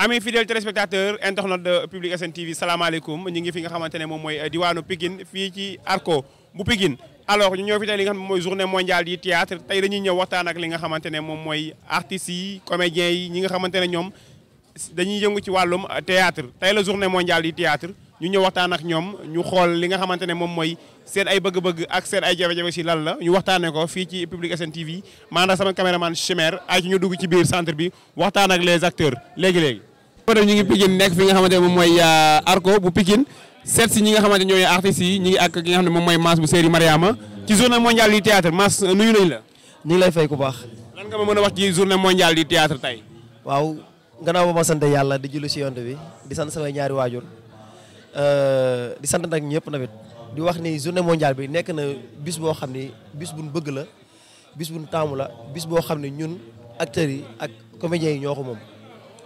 amis fidèles téléspectateurs internautes de Public SN TV salaamaaleykum ñu ngi fi nga xamante ne moom mooy euh, diwaanu Pikine fii ci Arco bu Pikine alors ñu ñëw fi tey li nga xam ne mooy journée mondiale du théâtre tey dañuy ñëw waxtaanak li nga xamante ne moom mooy artistes yi comédiens yi ñi nga xamante ne ñoom dañuy yëngu ci wàllum euh, théâtre tey la journée mondiale du théâtre ñu ñëw waxtaan ak ñoom ñu xool li nga xamante ne moom mooy seen ay bëgg-bëgg ak seen ay jafe-jafe si lan la ñu waxtaanee ko fii ci Public SN TV maanaam sama caméraman Chimère ñu dugg ci biir centre bi waxtaan ak les acteurs léegi-léegi def ñu ngi Pikine nekk fi nga xamante ne moom mooy euh, Arco bu Pikine seet si ñi nga xamante ñooy artistes yi ñi ngi ak ki nga xam ne moom mooy Mass bu série Mariama ci journée mondiale du théâtre Mass nuyu nañ la ñu ngi lay fay ku baax lan nga ma mën a wax ci journée mondiale du théâtre tey waaw gannaaw ba ma sant yàlla di julli si yont bi di sant samay ñaari waajur Euh, di sant nag ñëpp nawet di wax ni journée mondiale bi nekk na bis boo xam ni bis buñ bëgg la bis buñ taamu la bis boo xam ne ñun acteurs yi ak comédiens yi ñoo moom.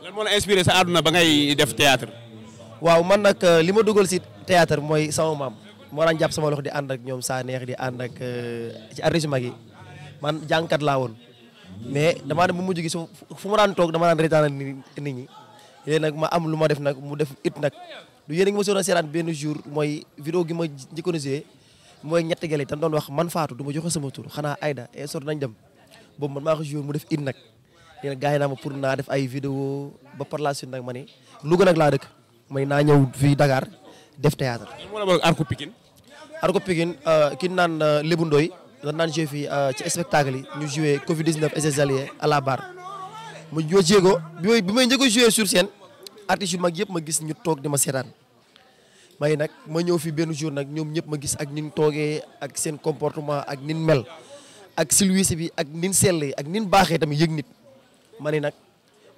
lan moo la sa àdduna ba ngay def théâtre waaw man nag euh, li ma dugal si théâtre mooy sama maam moo daan jàpp sama loxo di ànd ak ñoom saa neex di ànd ak euh, ci artiste mag yi man jàngkat laa woon mais damaa dem bu mujj gi su fu ma daan toog dama daan reetaanal nit ñi léegi nag ma am lu ma def nag mu def it nag du yéen a ngi ma soon a seeraan benn jour mooy vidéo gi ma njëkkoon a joué mooy ñetti gele yi tam doon wax man faatu du ma jox sama tur xanaa Aida e sor nañ dem boobu man maa ko joué mu def in nag leen gars yi naa ma pour naa def ay vidéo ba par la nag ma ne Louga nag laa dëkk may naa ñëw fii Dakar def théâtre arko Pikine arko Pikine euh, ki naan euh, Lébu Ndoy dañ naan joué fii euh, spectacle yi ñu joué Covid 19 et ses alliés à la barre mu joué ko bi may bi may njëkk a sur scène artistes mag yëpp ma gis ñu toog di ma seetaan may nag ma ñëw fi benn jour nag ñoom ñëpp ma gis ak nin toogee ak seen comportement ak nin mel ak silwisi bi ak nin sellee ak nin baaxee tamit yëg nit ma nag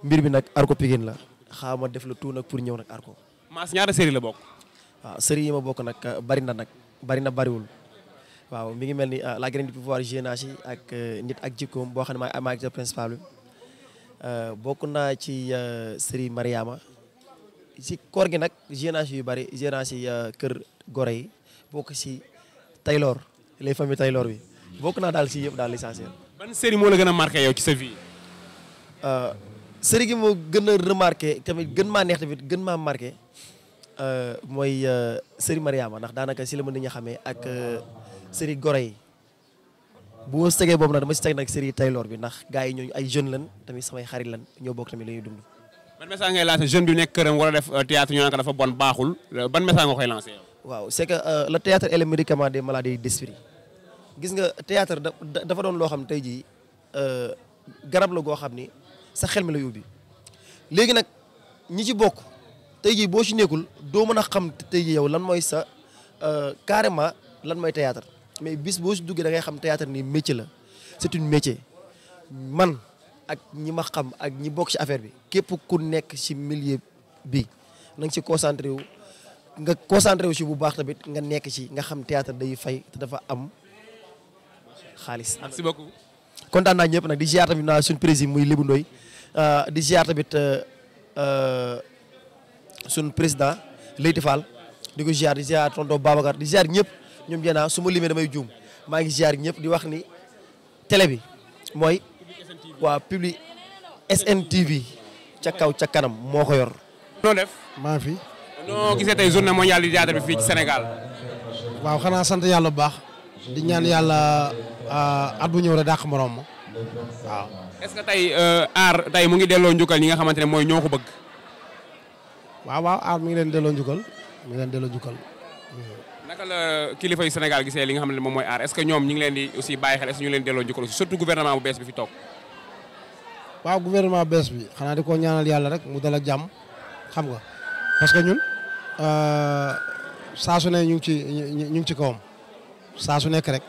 mbir bi nag Arko Pikine la xaaral def la tout nag pour ñëw nag Arko. maas ñaata série la bokk. waaw ah, série ma bokk nag ah, bari na nag bari na bariwul waaw mi ngi mel ni ah, la graine du pouvoir jeunesse ak nit ak jikkoom boo xam ne maa maa ngi principal bi bokk naa ci série mariyama si koor gi nag gérance yu bëri gérance euh, kër goro yi bokk si Taylor les familles Taylor bi bokk naa daal si yëpp daal li l'essentiel. ban série moo la gën a marqué yow ci sa vie. Euh, série gi moo gën a tamit gën maa neex tamit gën maa marqué euh, mooy série Mariama ndax daanaka si la ma nit xamee ak série goro yi bu ma si tegee boobu nag dama si teg nag série Taylor bi ndax gaa yi ñooñu ay jeunes lan tamit samay xarit lan ñoo bokk tamit la ñuy dund. ban message ngay jeune bi nekk këram war a def euh, théâtre ñu naan ko dafa bon baaxul euh, ban message nga waaw c'est que euh, le théâtre est le médicament des maladies gis nga théâtre dafa doon loo xam tey jii garab la goo xam ni sa xel mi la yóbbi léegi nag ñi ci bokk tey jii boo ci nekkul doo mën a xam tey jii yow lan mooy sa carrément lan mooy théâtre mais bis boo si duggee da ngay xam théâtre nii métier la c'est une métier man ak ñi ma xam ak ñi bokk ci affaire bi képp ku nekk ci millier bi na nga ci concentré wu nga concentré wu ci bu baax tamit nga nekk ci nga xam théâtre day fay te dafa am xaalis. merci kontaan naa ñëpp nag di ziar tamit naa suñu président muy Libou euh, di ziar tamit euh, euh, suñu président Leyti Fall di ko ziar di ziar tonton di ziar ñëpp ñoom jeenaa su ma limee damay juum maa ngi ziar ñëpp di wax ni télé bi mooy. waa public SNTV ca kaw ca kanam moo ko yor. noo def maa fi. noo gisee tey journée mondiale du théâtre bi fii ci Sénégal. waaw xanaa sant yàlla bu baax. di ñaan yàlla ah, at bu ñëw rek dàq moroom ma waaw. est-ce que tey euh, aar tey mu ngi delloo njukkal ñi nga xamante ne mooy ñoo ko bëgg. waaw waaw aar mi ngi leen delloo njukkal mi ngi leen delloo njukkal. naka la kilifa yu Sénégal gisee li nga xam ne moom mooy aar est ñoom ñi ngi leen di aussi bàyyi xel est-ce que delloo njukkal surtout gouvernement bu bees bi fi toog. waaw gouvernement bees bi xanaa di ko ñaanal yàlla rek mu dal ak jàmm xam nga parce que ñun euh, saa su ne ñu ngi ci ñu ngi ci kawam saa nekk rek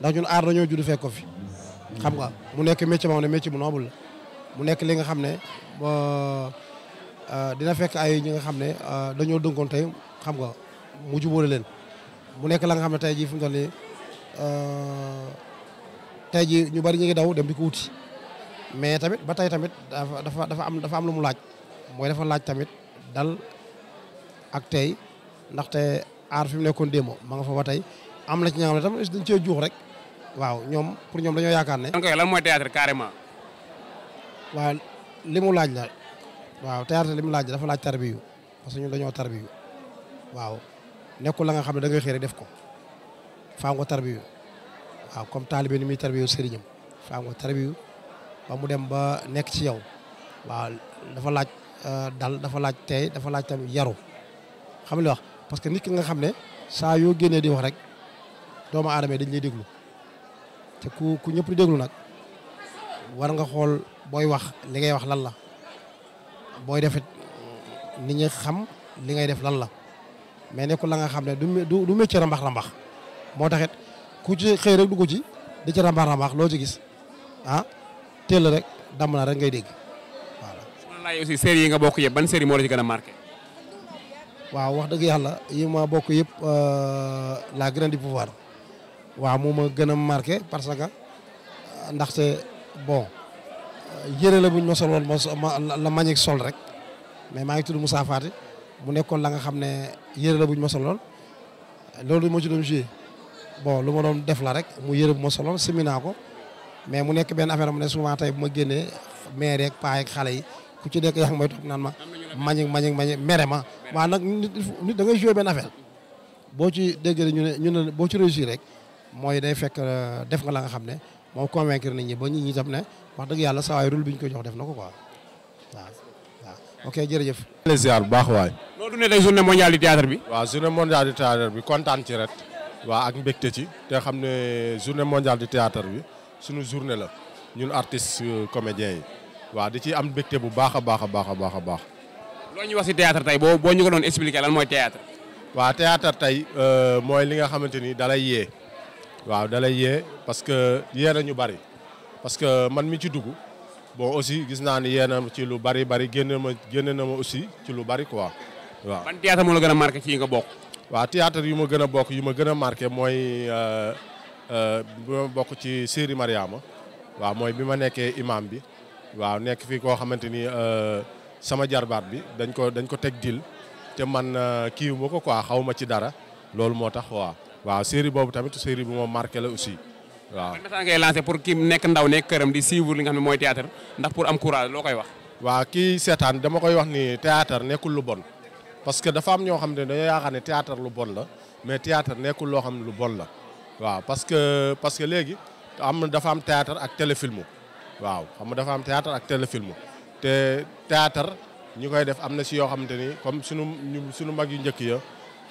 ndax ñun aar dañoo judd fekk ko fi xam nga mu nekk métier moom ne métier mu noble mu nekk li nga xam ne euh, dina fekk ay ñi nga xam ne euh, dañoo dënkoon tey xam nga mu jubóole leen mu nekk la nga xam ne tey jii fu mu toll nii tey jii ñu bari ñu ngi daw dem di ko wuti mais tamit ba tey tamit dafa dafa am dafa am lu mu laaj mooy dafa laaj tamit dal ak tey ndaxte aar fi mu nekkoon démo ma nga fa ba tey am na ci ña nga xam dañ cee juux rek waaw ñoom pour ñoom dañoo yaakaar ne. koy lan mooy théâtre carrément. waaw mu laaj la waaw théâtre li mu laaj la dafa laaj tarbiyu parce que ñun dañoo tarbiyu waaw nekkul la nga xam ne da ngay xëy def ko faa nga tarbiyu waaw comme taalibe ni muy tarbiyu sëriñam faa nga tarbiyu ba mu dem ba nekk ci yow waaw dafa laaj euh, dal dafa laaj tey dafa laaj tamit yaru xam li wax parce que nit ki nga xam ne saa yoo génnee di wax rek doomu aadama dañ lay déglu te ku ku ñëpp di nag war nga xool booy wax li ngay wax lan la booy defit nit ñi xam li ngay def lan la mais nekkul la nga xam ne du du métier rambax rambax moo taxit ku ci xëy rek dugg ci di ci rambax rambax loo ci gis ah teel rek dàmb naa rek ngay dégg voilà. su ma laajee yi nga bokk yëpp ban série moo la ci gën a marqué. waaw wax dëgg yàlla yi ma bokk yëpp euh, la grande pouvoir waaw moo ma gën a marqué parce que euh, ndaxte bon euh, yére la bu ñu ma sol ma sol rek mais maa ngi tudd Moussa Faty mu nekkoon la nga xam ne yére bu ñu ma loolu moo ci doon bon lu ma doon def la rek mu yére bu ma sol woon naa ko. mais mu nekk benn affaire mu ne souvent tey bu ma génnee mais rek paa xale yi ku ci nekk yaa ngi may topp naan ma mañi mañi mañi mere ma waa nag nit da ngay boo ci déggee ñu ne ñu ne boo ci réussir rek mooy day fekk euh, def nga la nga xam ne moo convaincre nit ñi ba nit ñi tam ne wax dëgg yàlla saa bi ñu ko jox def na ko quoi waaw waaw ok jërëjëf. le ziar bu baax waay. noo dundee tey journée mondiale du théâtre bi. waa journée mondiale du théâtre bi kontaan ci rek. waa ak mbégte ci te xam ne journée mondiale du théâtre bi. sunu journée la ñun artistes euh, comédiens yi waaw di ci am mbégte bu baax a baax a baax a baax a baax. loo ñu wax si théâtre tey boo boo ñu ko doon expliquer lan mooy théâtre. waaw théâtre tey euh, mooy li nga xamante ni dalay yee waaw dala yee parce que yee ñu bari parce que man mi ci dugg bon aussi gis naa ni yee na ci lu bari bari génne ma génne na ma aussi ci lu bari quoi waaw. ban théâtre moo la gën a marqué ci nga bokk. waaw théâtre yu ma gën a bokk yu ma gën a marqué mooy. Euh, Euh, bi ma bokk ci Siri Mariama waaw mooy bi ma nekkee imam bi waaw nekk fii koo xamante ni euh, sama jarbaat bi dañ ko dañ ko teg dil te man euh, kii ma ko quoi xaw ma ci dara loolu moo tax waaw waaw série boobu tamit série bu ma marqué la aussi waaw. ban message ngay lancé pour ki nekk ndaw nekk këram di suivre li nga ne mooy théâtre ndax pour am courage loo koy wax. waaw kii seetaan dama koy wax ni théâtre nekkul lu bon parce que dafa am ñoo xam ne dañoo yaakaar ne théâtre lu bon la mais théâtre nekkul loo xam ne lu bon la. waaw parce que parce que léegi am na dafa am théâtre ak téléfilm waaw xam nga dafa am théâtre ak téléfilm te théâtre ñi koy def am na si yoo xamante ni comme sunu suñu mag yu njëkk ya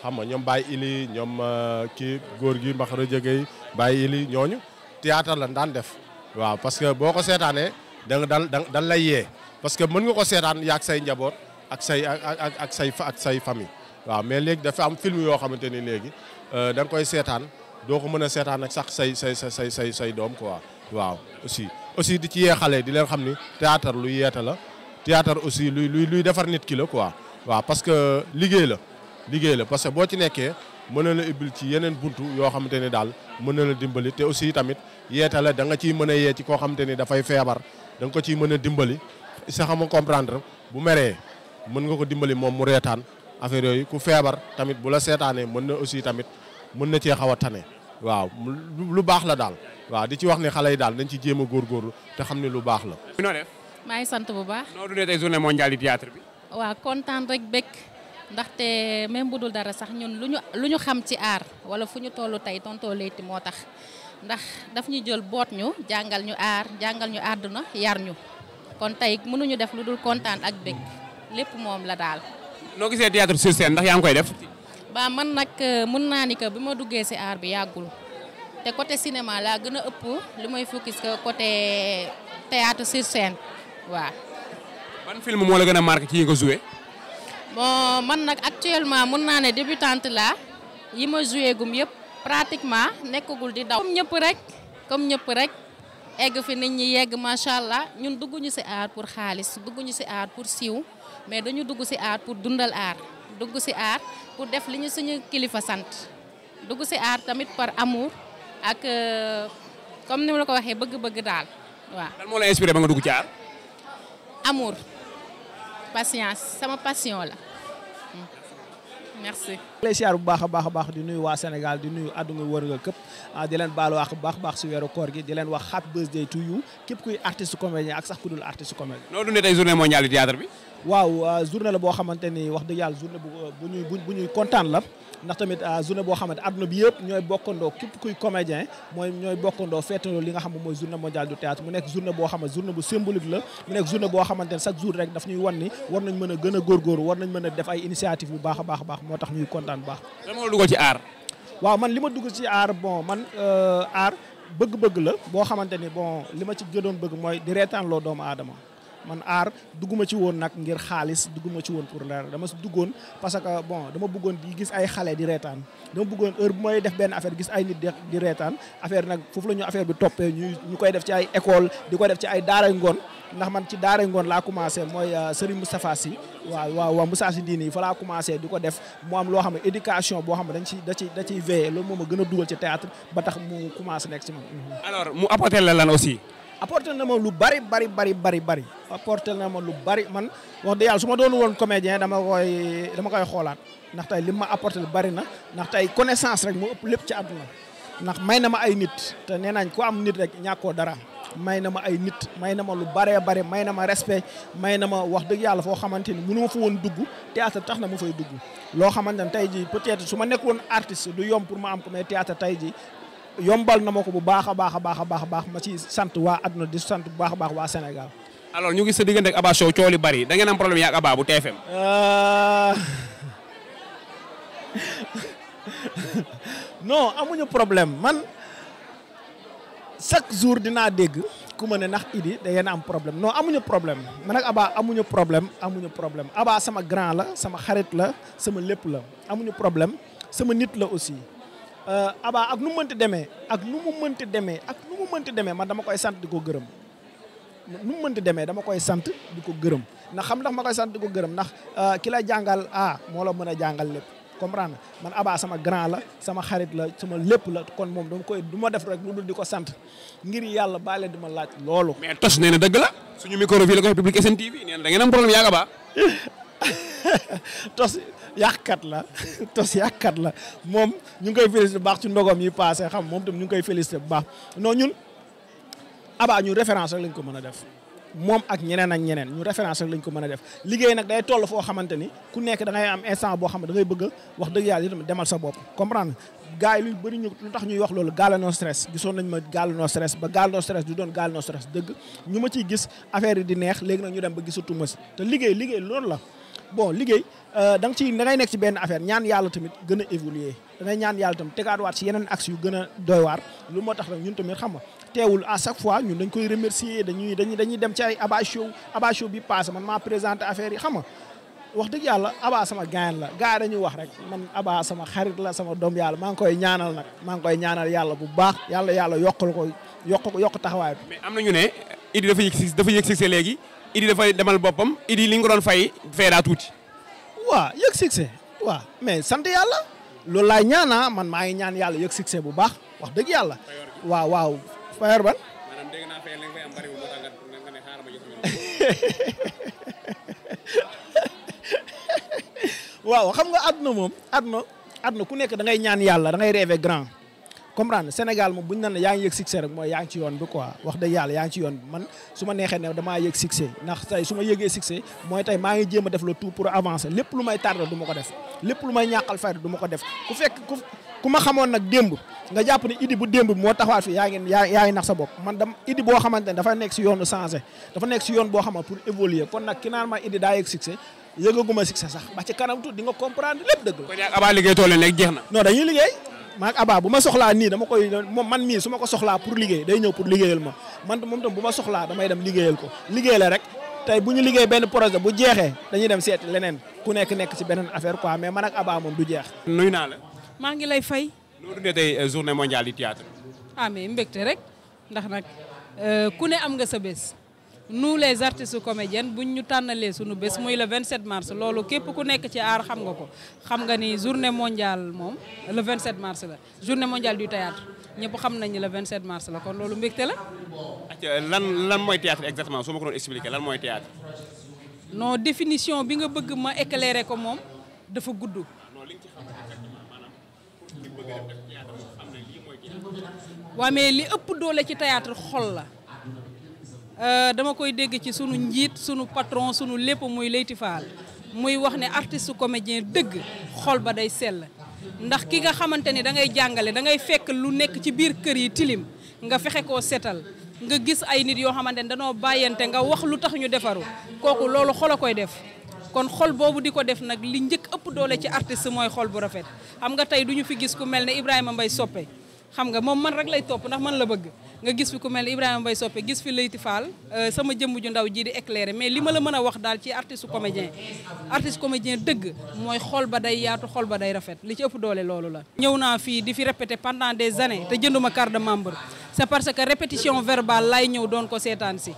xam nga ñoom Baye Ili ñoom euh, kii góor gi mbax rëjëgey Baye Ili ñooñu théâtre lañ daan def waaw parce que boo ko seetaanee da nga dal da dan lay yee parce que mën nga ko seetaan yaag say njaboot ak say ak ak say ak say famille waaw mais léegi dafa am film yoo xamante ni léegi euh, da nga koy seetaan doo ko mën a seetaan nag sax say say say say say doom quoi waaw aussi aussi di ci yee xale di leen xam ni teyaatar luy yeeta la théâtre aussi luy luy luy defar nit ki la quoi waaw parce que liggéey la liggéey la parce que boo ci nekkee mën na la ubbil ci yeneen buntu yoo xamante ni daal mën na la dimbali te aussi tamit yeeta la da nga ciy mën a yee ci koo xamante ni dafay feebar danga ko ciy mën a dimbali sa xam comprendre bu meree mën nga ko dimbali moom mu reetaan affaire yooyu ku feebar tamit bu la seetaanee mën na aussi tamit mën na cee xaw a tane waaw lu baax la daal waaw di ci wax ne xale yi daal dañ ci jéem a góorgóorlu te xam ne lu baax la. noo maa ngi sant bu baax. noo dundee tey journée mondiale bi. waaw kontaan rek bëgg ndaxte même bu dul dara sax ñun lu ñu lu ñu xam ci aar wala fu ñu toll tey tontoo leyti moo tax ndax daf ñu jël boot ñu jàngal ñu aar jàngal ñu àdduna yar ñu kon tey mënuñu def lu dul kontaan ak bëgg lépp moom la daal. noo gisee théâtre sur scène ndax yaa ngi koy def. ba man nag euh, mun naa ni que bi ma duggee ci art bi yàggul te côté cinéma laa gën a ëpp li may focus que côté théâtre sur scène waaw. ban film moo la gën a marqué ci yi nga joué. bon man nag actuellement mun naa ne débutante la yi ma joué gum yëpp pratiquement nekkagul di daw. comme ñëpp rek comme ñëpp rek egg fi nit ñi yegg macha allah ñun dugguñu ci art pour xaalis dugguñu ci art pour siiw mais dañu dugg ci art pour dundal art. dugg si aar pour def li ñu suñu kilifa sant dugg si aar tamit par amour ak euh, comme ni ma la ko waxee bëgg-bëgg daal waaw. lan moo la inspiré ba nga dugg ci aar. amour patience sama passion la hmm. merci. lay siyaar bu baax a baax a baax di nuyu waa Sénégal di ah, baax baax si weeru koor gi di leen wax happy birthday to you képp kuy artiste comédien ak sax ku dul artiste comédien noo tey journée mondiale du théâtre bi waaw ah, journée la boo xamante wax dëgg yàlla journée ah, bu bu ñuy kontaan la ndax tamit journée boo xamante àdduna bi yëpp ñooy bokkandoo képp kuy comédien mooy ñooy bokkandoo feetandoo li nga xam mooy journée mondiale du théâtre mu nekk journée boo xamante journée a gën a góorgóorlu kontaan bu baax. lan moo dugal ci aar. waaw man li ma dugg ci aar bon man euh, aar bëgg-bëgg la boo xamante ni bon li ma ci gënoon bëgg mooy di reetaanloo doomu aadama. man aar dugguma ci woon nag ngir xaalis dugguma ci woon pour dara dama si duggoon parce que bon dama bëggoon di gis ay xale di reetaan dama bëggoon heure bu mooy def benn affaire gis ay nit di reetaan affaire nag foofu la ñu affaire bi toppee ñu ñu koy def ci ay école di ko def ci ay daaray ngoon ndax man ci daaray ngoon laa commencé mooy euh, Serigne Moustapha Sy waaw waaw waaw Moussa Sy diine yi fa laa commencé di ko def mu am loo xam ne éducation boo xam ne dañ ci da ciy veillé loolu moom a gën a dugal ci ba tax mu commencé nekk ci man alors mu apporter la lan aussi apporté na ma lu bari bari bari bari bari apporté na ma lu bari man wax dëgg yàlla su ma doon woon comédien dama koy dama koy xoolaat ndax tey li ma apporté lu bari na ndax tey connaissance rek moo ëpp lépp ci àdduna ndax may na ma ay nit te nee nañ ku am nit rek ñàkkoo dara may na ma ay nit may na ma lu baree bare may na ma respect may na ma wax dëgg yàlla foo xamante ni mënu ma fa woon dugg théâtre tax na ma fay dugg loo xamante ne tey jii peut-être su ma nekk woon artiste du yomb pour ma am ko mais théâtre tey jii yombal na ma ko bu baax a baax a baax a baax a baax ma ci sant waa na di sant bu baax a baax waa Sénégal. alors ñu ngi sa diggante ak Aba Sow coow li bari da ngeen am problème yaa ak bu TFM. Euh, non amuñu problème man chaque jour dinaa dégg ku ma ne ndax Idi da am problème non amuñu problème man ak Aba amuñu problème amuñu problème Aba sama grand la sama xarit la sama lépp la amuñu problème sama nit la aussi. Euh, Aba ak nu mu mënti demee ak nu mu mënti demee ak nu demee man dama koy sant di ko gërëm nu mu mënti demee dama koy sant di ko gërëm ndax xam ndax ma koy sant di ko gërëm ndax euh, ki la jàngal ah moo la mën a jàngal lépp comprendre man Aba sama grand la sama xarit la sama lépp la kon moom dama koy du ma def rek lu dul di ko sant ngir yàlla baale di ma laaj loolu. mais tos nee na dëgg la suñu micro fii la ko Public SN TV nee na da ngeen problème yaa ngi tos yàqkat la tos yàqkat la moom ñu ngi koy félicité bu baax ci ndogom yi passé xam moom tam ñu ngi koy félicité bu baax non ñun abaa ñun référence rek lañ ko mën a def moom ak ñeneen ak ñeneen ñu référence rek lañ ko mën a def liggéey nag day toll foo xamante ni ku nekk da ngay am instant boo xam ne dangay ngay wax dëgg yàlla itam demal sa bopp comprendre gars yi lu bëri ñu lu tax ñuy wax loolu gaalanoo stress gisoon nañ ma gaalanoo stress ba gaalanoo stress du doon gaalanoo stress dëgg ñu ma ci gis affaire yi di neex léegi nag ñu dem ba gisatu ma te liggéey liggéey loolu la bon liggéey euh, da nga ciy da ngay nekk ci benn affaire ñaan yàlla tamit gën a évoluer ñaan yàlla tamit tegaatwaat ci yeneen axe yu gën a doy waar lu moo tax nag ñun tamit xam nga teewul à chaque fois ñun dañ koy remercier dañuy dañuy dañuy dem ci ay Aba Show Aba Show bi passé man maa présenté affaire yi xam nga wax dëgg yàlla Aba sama gaañ la gars yi dañuy wax rek man Aba sama xarit la sama doom yàlla maa ngi koy ñaanal nag maa ngi koy ñaanal yàlla bu baax yàlla yàlla yokkal ko yokk yokk taxawaay mais am na ñu ne Idy dafa yëg si léegi idi dafay demal boppam idi li nga doon fay fee daa tuuti. waa yëg succès waaw mais sant yàlla loolu laay ñaana man maa ngi ñaan yàlla yëg succès bu baax wax dëgg yàlla. waaw waaw fayor ban. nga fay am bariwul moo tax nga ne waaw xam nga àdduna moom àdduna àdduna ku nekk da ngay ñaan yàlla da ngay rêver grand. comprendre Sénégal moom bu ñu naan yaa ngi yëg succès rek mooy yaa ngi ci yoon bi quoi wax dëgg yàlla yaa ngi ci yoon bi man su ma neexee ne damaa yëg succès ndax tey su ngi jéem a def le tout pour lépp lu may tardé du ma ko def lépp lu may xamoon nag démb nga jàpp ne idi bu démb bi moo taxawaat fi yaa ngi yaa yaa ngi nax bopp man boo xamante ne dafa nekk si yoonu changé dafa nekk si yoon boo xamante pour évoluer kon nag ki naan ma idi daa yëg succès yëgaguma succès sax ba ci kanam tuuti di nga comprendre lépp dëgg la. kon yaa Aba liggéey tool nekk jeex na. maag Aba bu ma soxlaa nii dama koy moom man mii su ma ko soxlaa pour liggéey day ñëw pour liggéeyal ma man moom tam bu ma soxlaa damay dem liggéeyal ko liggéeyale rek tey bu ñu liggéey benn projet bu jeexee dañuy dem seet leneen ku nekk nekk si beneen affaire quoi mais man ak Aba moom du jeex. nuyu naa la. maa ngi lay fay. noo dundee tey euh, journée mondiale du théâtre. ah mais mbégte rek ndax nag euh, ku ne am nga sa bés. nous les artistes comédiennes bu ñu tànnalee suñu bés muy le 27 mars loolu képp ku nekk ci aar xam nga ko xam nga ni journée mondiale moom vingt 27 mars la journée mondiale du théâtre ñëpp xam nañ la le 27 mars la kon loolu mbégte la. lan lan mooy théâtre exactement su ma ko doon expliquer lan mooy théâtre. non définition bi nga bëgg ma éclairer ko moom dafa gudd. Ah, waaw mais li ëpp doole ci théâtre xool la. Euh, dama koy dégg ci sunu njiit sunu patron sunu lépp muy Leyti Fall muy wax ne artiste comédien dëgg xol ba day sell ndax ki nga xamante ni da ngay jàngale da ngay fekk lu nekk ci biir kër yi tilim nga fexe ko setal nga gis ay nit yoo xamante ne danoo bàyyante nga wax lu tax ñu defaru kooku loolu xol a koy def kon xol boobu di ko def nag li njëkk ëpp doole ci artiste mooy xol bu rafet xam nga tey du ñu fi gis ku mel ne Ibrahima mbay Soppe xam nga moom man rek lay topp ndax man la bëgg nga gis fi ku mel Ibrahima Mbaye Soppe gis fi Leyti faal euh, sama jëmm ju ndaw jii di éclairer mais li ma la mën a wax daal ci artiste comédien artiste comédien dëgg mooy xool ba day yaatu xool ba day rafet li ci ëpp doole loolu la ñëw naa fii di fi répéter pendant des années te jënduma carte de membre c'est parce que répétition verbale lay ñëw doon ko seetaan si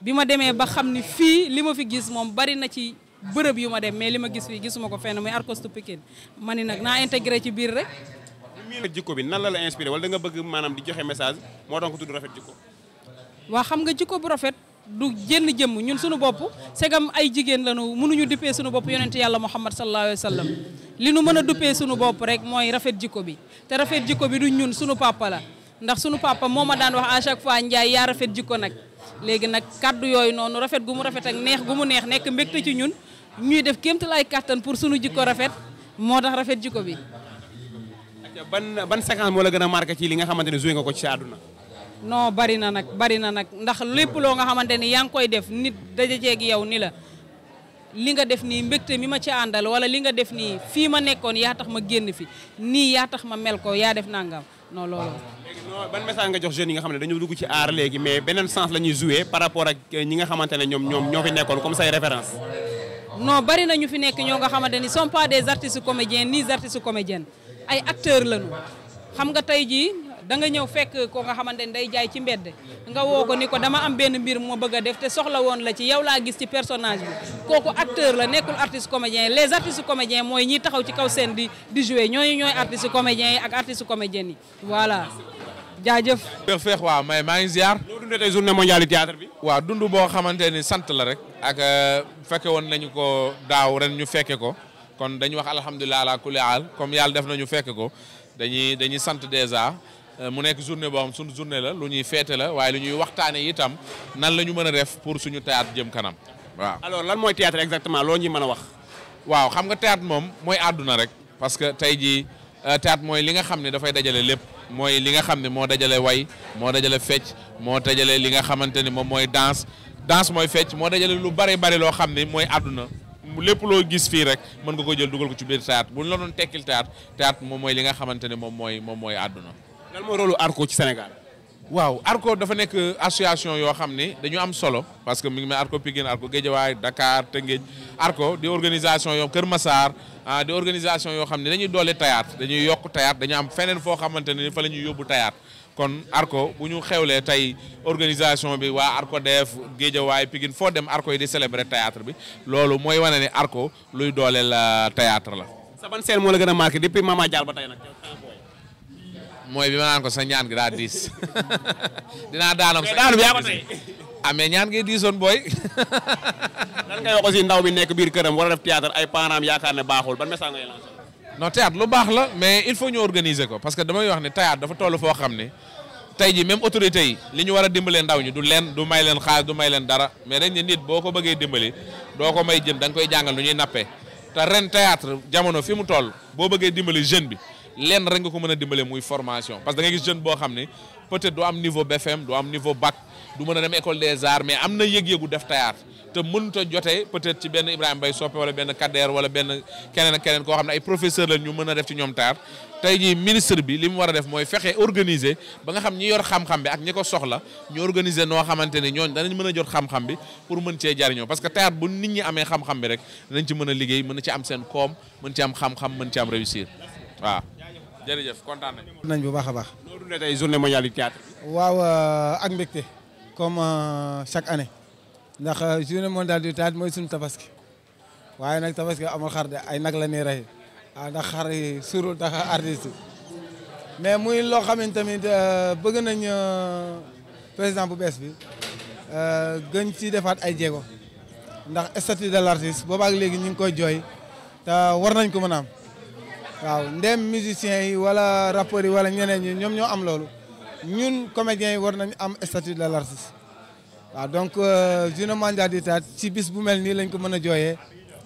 bi ma demee ba xam ni fii li ma fi gis moom bari na ci bërëb yu ma dem mais li ma gis fii gisuma ko fenn muy Arcos Pikine ma ni nag naa intégré ci biir rek rafet jikko bi nan la la inspiré wala da nga bëgg maanaam di joxe message moo doon ko tudd rafet jikko waa xam nga jikko bu rafet du jënn jëmm ñun suñu bopp segam ay jigéen lañu mënuñu duppee suñu bopp yonent yàlla muhammad sallallahu alayhi wa sallam li nu mën a duppee suñu bopp rek mooy rafet jikko bi te rafet jikko bi du ñun suñu papa la ndax sunu papa moo ma daan wax à chaque fois njaay yaa rafet jikko nag léegi nag kàddu yooyu noonu rafet gu mu rafet ak neex gu mu neex nekk mbégte ci ñun ñuy def kéemtalaay kàttan pour suñu jikko rafet moo tax rafet jikko bi ban ban séquence moo la gën a marqué ci li nga xamante ne nga ko ci sa àdduna. bari na nag bari nag ndax lépp loo nga xamante ni yaa ngi koy def nit dajajeeg yow ni la li nga def nii mbégte mi ma ci àndal wala li nga def nii fii ma nekkoon yaa tax ma génn fi nii yaa tax ma mel ko yaa def nangam non loolu. ban message nga jox jeunes yi nga xam ne dañoo dugg ci aar léegi mais beneen la ñuy joué par rapport ak euh, ñi nga xamante ne ñoom ñoom ñoo fi nekkoon comme say référence non bari na ñu fi nekk ñoo nga xamante ni pas des artistes comédiens ni artistes comédiennes ay acteurs lañu xam nga tey jii da nga ñëw fekk ko nga xamante ni day jaay ci mbedd nga woo ko ko dama am benn mbir moo bëgg a def te soxla woon la ci yow laa gis ci personnage bi kooku acteur la nekkul artiste comédien les artistes comédiens mooy ñi taxaw ci kaw seen di di jouer ñooñu ñooy artiste comédien yi ak artiste comédienne yi voilà jaajëf. feex feex waaw may maa ngi ziar. loo dundee tey journée mondiale théâtre bi. waa dund boo xamante ni sant la rek. ak euh, fekke woon nañu ko daaw ren ñu fekke ko. kon dañu wax alhamdulilah ala kulli aal comme yàlla def nañu fekk ko dañuy dañuy sant dèjà euh, mu nekk journée boo xam suñu journée la lu ñuy féete la waaye lu ñuy waxtaane itam nan la ñu mën a def pour suñu théâtre jëm kanam waaw. alors lan mooy théâtre exactement loo ñuy mën a wax. waaw xam nga théâtre moom mooy àdduna rek parce que tey jii euh, théâtre mooy li nga xam ne dafay dajale lépp mooy li nga xam ne moo dajale way moo dajale fecc moo dajale li nga xamante ni moom mooy danse danse mooy fecc moo dajale lu bare bare loo xam ne mooy àdduna mu lépp loo gis fii rek mën nga ko jël dugal ko ci biir théâtre bu ñu la doon tekkil théâtre moom mooy li nga xamante ne moom mooy moom mooy àdduna. lan mooy rôle ARCO ci Sénégal. waaw ARCO dafa nekk association yoo xam ne dañu am solo parce que mi ngi mel ARCO Pikine ARCO Guédiawaye Dakar Tëngéej ARCO di organisation yoo Kër Massar ah di organisation yoo xam ne dañuy doole théâtre dañuy yokk théâtre dañu am feneen foo xamante ne fa la ñuy yóbbu théâtre kon arko bu ñu xewlee tey organisation bi waa arko def waaye Pikine foo dem arko yi di célébrer théâtre bi loolu mooy wane ne arko luy dooleel euh, théâtre la. sa ban moo la gën a marqué depuis Mama tey nag. mooy bi ma naan ko sa ñaan gi daa diis dinaa daanam. sa ñaan gi ah mais ñaan gi diisoon booy. lan ndaw bi nekk biir këram war a def théâtre ay parents yaakaar ne baaxul ban message ngay non théâtre lu baax la mais il faut ñu organiser ko parce que damay wax ne théâtre dafa toll foo xam ne tey ji même autorités yi li ñu war a dimbalee ndaw ñi du leen du may leen xaalis du may leen dara mais rek ne nit boo ko bëggee dimbali doo ko may jën danga koy jàngal nu ñuy nappee te ren théâtre jamono fi mu toll boo bëggee dimbali jeune bi leen rek nga ko mën a dimbale muy formation parce que da ngay jeune boo xam ne peut-être du am niveau BFM du am niveau bac du mën a dem école des arts mais am na yëg-yëgu def théâtre te mënut a jotee peut-être ci benn Ibrahima Mbaye Sopé wala benn Kader wala benn keneen ak keneen koo xam ne ay professeur la ñu mën a def ci ñoom théâtre tey jii ministre bi li mu war a def mooy fexe organiser ba nga xam ñi yor xam-xam bi ak ñi ko soxla ñu organiser noo xamante ne ñooñ danañ mën a jot xam-xam bi pour mën cee jariñoo parce que théâtre bu nit ñi amee xam-xam bi rek danañ ci mën a liggéey mën ci am seen koom mën ci am xam-xam mën ci am réussir waaw jërëjëf kontaan nañ bu baax a baax. loolu ne tey journée mondiale du théâtre. waaw euh, ak comme euh, chaque année ndax euh, journée mondiale du taat mooy suñu tabaski waaye nag tabaski amul xar de ay nag la ñuy rey ah ndax xar yi surul tax artiste mais muy loo xam ne euh, tamit bëgg nañ président bu bees bi gën ci defaat ay jéego ndax statut de l'artiste boobaak léegi ñu ngi koy jooy te war nañ ko mën am waaw ndem musiciens yi wala rappeurs yi wala ñeneen ñi ñoom ñoo am loolu. ñun comédiens yi war nañ am statut de l'artiste waaw donc euh, journée mondiale du si ci bis bu mel nii lañ ko mën a jooyee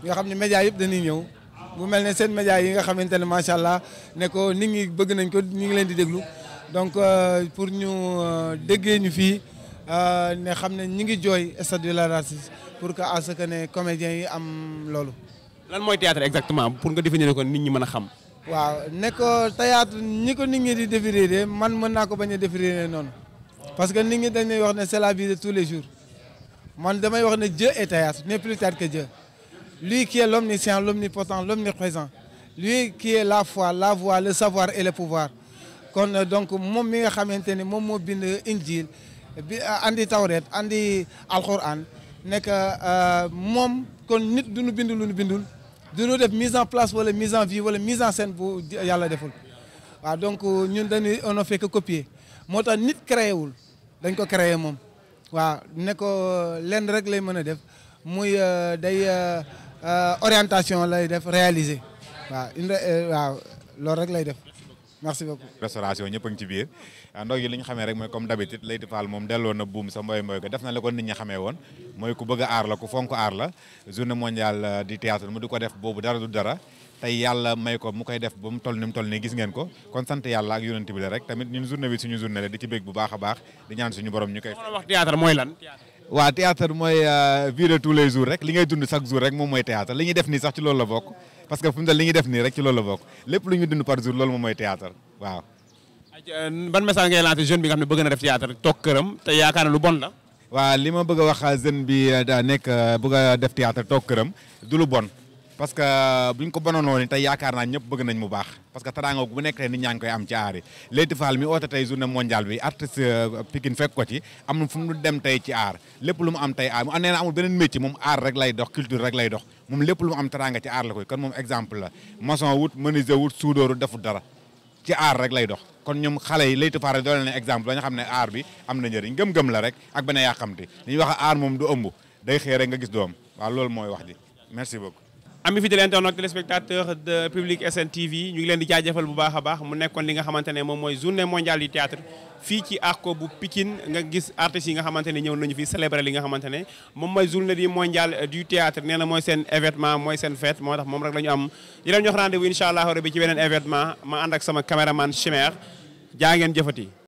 nga xam ne médias yëpp dañuy ñëw mu mel ne seen médias yi nga xamante ne macha allah ne ko nit ñi bëgg nañ ko ñu ngi leen di déglu donc euh, pour ñu euh, déggee ñu fii ne xam ne ñi ngi jooy statut de l'artiste pour que à ce que ne comédiens yi am loolu. lan mooy théâtre exactement pour nga définir ko nit ñi mën a xam. waaw ne ko théâtre ni ko nit ñi di définir man mën naa ko bañ a définir noonu parce que nit ñi dañuy wax ne c'est la vie de tous les jours man damay wax ne Dieu est théâtre n'est plus tard que Dieu lui qui est l'omniscient l'omnipotent l'omniprésent lui qui est la foi la voix le savoir et le pouvoir kon euh, donc moom mi nga xamante ni moom moo bind injil bi euh, andi tawret andi alquran nekk euh, moom kon nit du nu bind lu nu bindul duñu def mise en place wala mise en vie wala mise en scène bu yàlla deful waaw donc ñun dañuy on a fait que copier moo tax nit créé wul dañ ko créé moom waaw ne ko euh, lenn rek lay mën a def muy euh, day euh, orientation lay def réaliser waaw une waaw loolu lay def merci beaucoup restauration ñëpp a ci biir waaw ndog yi li ñu xamee rek mooy comme d'habitude Leyti ko def na la ko nit ñi xamee woon mooy ku bëgg aar la ku fonk aar la journée mondiale euh, du théâtre mu di ko def boobu dara du dara tey yàlla may ko mu koy def ba mu toll ni gis ngeen ko kon sant yàlla ak yonent bi la rek tamit ñun journée bi suñu journée la di ci bég bu baax a baax di ñaan suñu borom ñu koy wax mooy lan waaw théâtre mooy euh, vie tous les jours rek li ngay dund chaque jour rek moom mooy théâtre li ñuy ban message ngay lancé jeune bi nga xam ne bëgg na def théâtre toog këram te yaakaar na lu bon la. waaw li ma bëgg a wax jeune bi euh, daa nekk euh, bëgg a def théâtre toog këram du lu bon. parce que euh, buñ ko bonoonoon ni tey yaakaar naa ñëpp bëgg nañ mu baax parce que teraanga bu nekk tey nit ñaa ngi koy am ci aar yi Leyti Fall mi oote tey journée mondiale bi artiste Pikine fekk ko ci am na fu mu dem tey ci aar lépp lu mu am tey aar mu nee na amul beneen métier moom aar rek lay dox culture rek lay dox moom lépp lu am teraanga ci aar la koy exemple la maçon wut menuisier wut suudóoru defut dara ci aar rek lay dox kon ñoom xale yi laytu faara doole na exemple ba nga xam ne aar bi am na njëriñ gëm-gëm la rek ak benn yàqamti li ñuy wax aar moom du ëmb day xëy rek nga gis doom waa loolu mooy wax ji merci beaucoup ami fidèle internaute téléspectateur de Public SN TV ñu ngi leen di jaajëfal bu baax a baax mu nekkoon li nga xamante ne moom mooy journée mondiale du théâtre fii ci arco bu Pikine nga gis artistes yi nga xamante ne ñëw nañu fi célébrer li nga xamante ne moom mooy journée du mondiale du théâtre nee na mooy seen événement mooy seen fête moo tax moom rek la ñu am di leen jox rendez-vous incha allah rabbi ci beneen événement ma ànd ak sama caméraman Chimère jaa ngeen jëfati